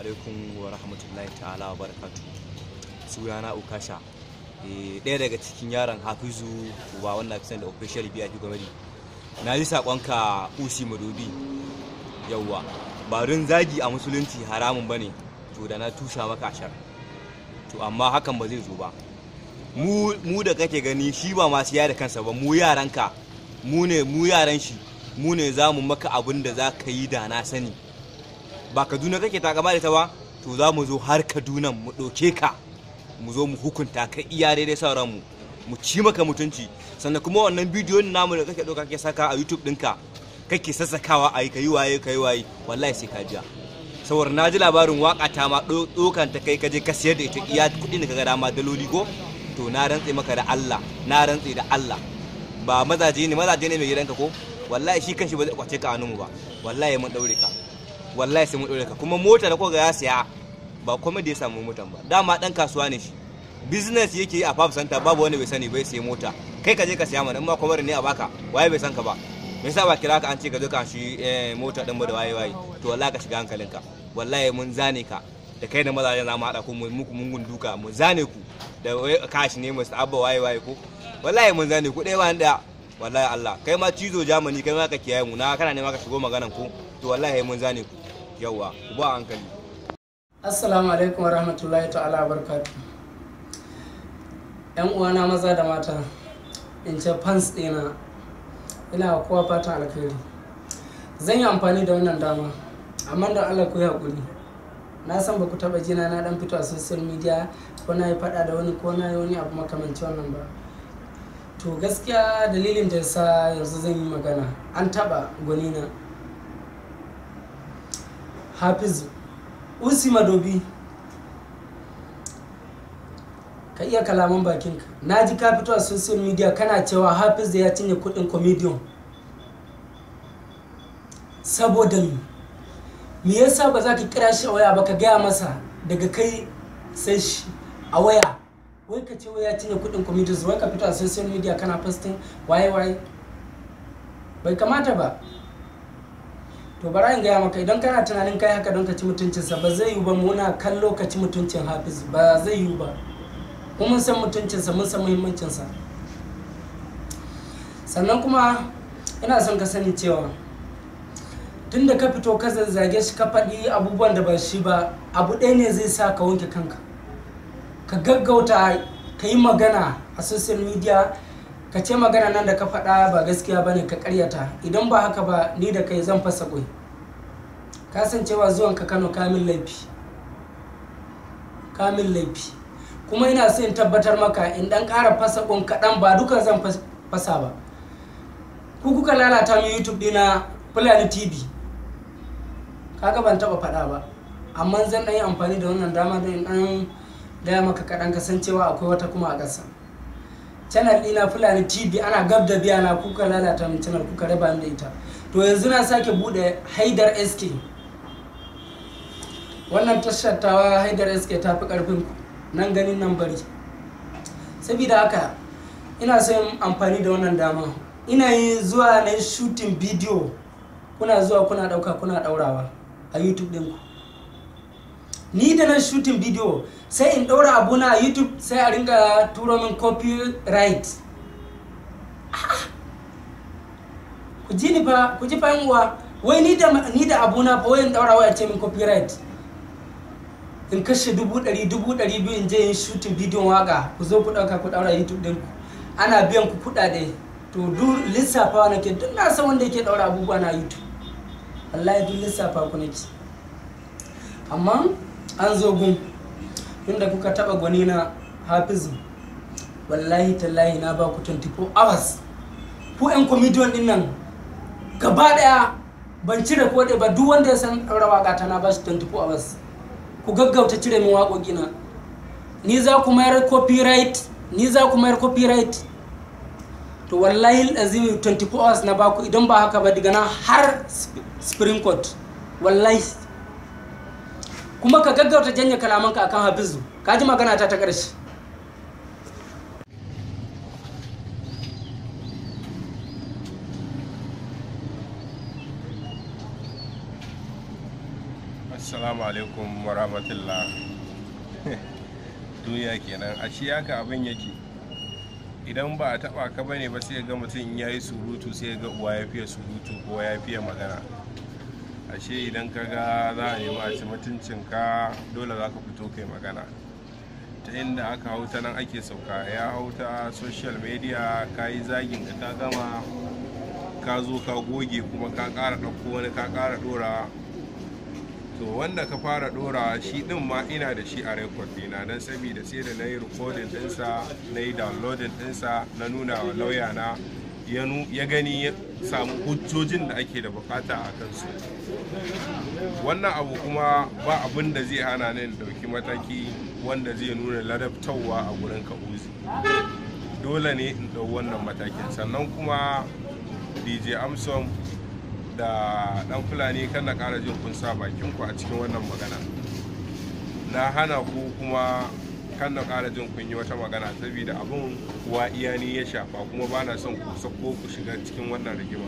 alaikum wa rahmatullahi ta'ala wa barakatu suyana ukasha eh, ɗaya daga cikin yaran hafizu ba wanda fi da official biya ki gwamnati na ji saƙonka usi madudi yawwa barin zagi a musulunci haramun ba ne. to da na tusa maka ashar to amma hakan ba zai zo ba mu da kake gani shi ba masu yada kansa ba mu yaranka mu ne mu yaran shi mu ne za mu maka abin da za ka yi da na sani ba kaduna kake takama da ita ba to za mu zo har kaduna mu ɗauke ka mu zo mu hukunta ka iya daidai sauran mu mu ci maka mutunci sannan kuma wannan bidiyon namu da kake ɗauka kake saka a youtube ɗinka kake sassakawa a yi kayi waye yi waye wallahi sai ka jiya sawar na ji labarin waka ta ma ɗaukan ta kai kaje ka siyar da ita iya kuɗin da kaga dama daloli ko to na rantse maka da Allah na rantse da Allah ba mazaje ne mazaje ne mai gidanka ko wallahi shi kanshi ba zai kwace ka a ba wallahi mun daure ka wallahi sai mun ɗaure ka kuma mota da koga ya siya ba komai da ya samu motan ba dama dan kasuwa ne shi business yake yi a fab santa babu wani bai sani bai sai mota kai ka je ka siya mana in ma kwamar ne a baka waye bai san ka ba me yasa ba kira ka an ce ka zo ka shi eh, mota dan mu da waye waye to wallahi ka shiga hankalinka wallahi mun zane ka da kai da mazajen za mu haɗa ku muku mungun duka mu zane ku da kashi ne mu abba waye waye ko wallahi mun zane ku ɗaya ba ɗaya wallahi Allah kai ma cizo jamani kai ma ka kiyaye mu na kana ne ma ka shigo maganan ku to wallahi mun zane ku yawa ku ba hankali assalamu alaikum warahmatullahi ta'ala barkatu yan uwana maza da mata in ce fans ɗina ina kowa fatan alkhairi zan yi amfani da wannan dama amma da allah ku yi haƙuri na san ba ku taɓa jina na dan fito a social media ko na yi faɗa da wani ko na yi wani abu makamanci wannan ba to gaskiya dalilin da sa yanzu zan yi magana an taɓa gwanina hafiz usi madobi ka iya kalaman bakinka na ji ka fito a social media kana cewa hafiz ya cinye kudin comedian saboda me me yasa ba za ka kira shi a waya ba ka gaya masa daga kai sai shi a waya wai ka ce wai ya cinye kudin comedian wai ka fito a social media kana posting waye waye bai kamata ba to bara in gaya maka idan kana tunanin kai haka don ka ci mutuncinsa ba zai yiwu ba muna kan lokaci mutuncin hafiz ba zai yiwu ba kuma mun san mutuncinsa mun san muhimmancinsa sannan kuma ina son ka sani cewa tun da ka fito ka zazzage shi ka faɗi abubuwan da ba shi ba abu ɗaya ne zai sa ka wanke kanka ka gaggauta ka yi magana a social media ka ce magana nan da ka faɗa ba gaskiya ba ne ka karyata idan ba haka ba ni da kai zan fasa san kasancewa zuwan ka kano kamin laifi kamin laifi kuma ina so in tabbatar maka in dan ƙara fasa ƙwan kaɗan ba duka zan fasa ba ku kuka lalata min youtube dina fulani tv kaga ban taɓa faɗa ba amma zan ɗan yi amfani da wannan dama don in ɗan gaya maka kaɗan cewa akwai wata kuma a ƙasa channel ɗina fulani tv ana gab da biya na kuka lalata min channel kuka raba da ita to yanzu na sake buɗe haidar sk wannan tashar tawa haidar sk ta fi karfin nan ganin nan bari saboda haka ina son amfani da wannan dama ina yi zuwa na shooting bidiyo kuna zuwa kuna ɗauka kuna ɗaurawa a youtube ɗinku ni da nan shooting video sai in ɗora abuna a youtube sai a ringa turo min copyright ku ji ni ba ku ji fahimwa wai ni da ni da abuna fa in ɗora waya ce min copyright in kashe dubu ɗari dubu ɗari biyu in je in shooting bidiyon waka ku zo ku ɗauka ku ɗaura youtube ku ana biyan ku kuɗaɗe to duk wa nake duk na san wanda yake ɗaura abubuwa na youtube wallahi duk lissafa ku nake amma an zo gun inda kuka taba gwani na hafizu wallahi tallahi na ba ku 24 hours ku yan comedian din nan gaba daya ban cire ko ba duk wanda ya san rawa ta na ba shi 24 hours ku gaggauta cire min waƙoƙi na ni za ku mayar copyright ni za ku mayar copyright to wallahi azimi 24 hours na ku idan ba haka ba daga na har spring court wallahi kuma ka gaggauta janye kalamanka akan hafizu ka ji magana ta ta ƙarshe assalamu alaikum warahmatullah duniya kenan a shi haka abin yake idan ba a taba ka bane ba sai ga mutum ya yi surutu sai ga uwa ya fiye surutu ko ya fiye magana ashe idan ka ga za a yi mace mutuncinka dole za ka fito kai magana ta inda aka hau ta nan ake sauka ya hau ta social media ka yi zagin ka gama ka zo ka goge kuma ka ƙara ɗauko wani ka ƙara ɗora to wanda ka fara ɗora shi ɗin ma ina da shi a record dina don sabida sai da na yi rikodin ɗinsa na yi downloading ɗinsa na nuna wa lauya na ya gani ya samu hujjojin da ake da bukata a kansu wannan abu kuma ba abin da zai hana ne da dauki mataki wanda zai nuna ladabtawa a gurin kabuzi dole ne in dau wannan matakin sannan kuma dj amson da Dan fulani kan na ƙara jin kun sa bakinku a cikin wannan magana na hana ku kuma kan na ƙara jin kun yi wata magana saboda abin kuwa iyani ya shafa kuma ba na son ku sako ku shiga cikin wannan rigima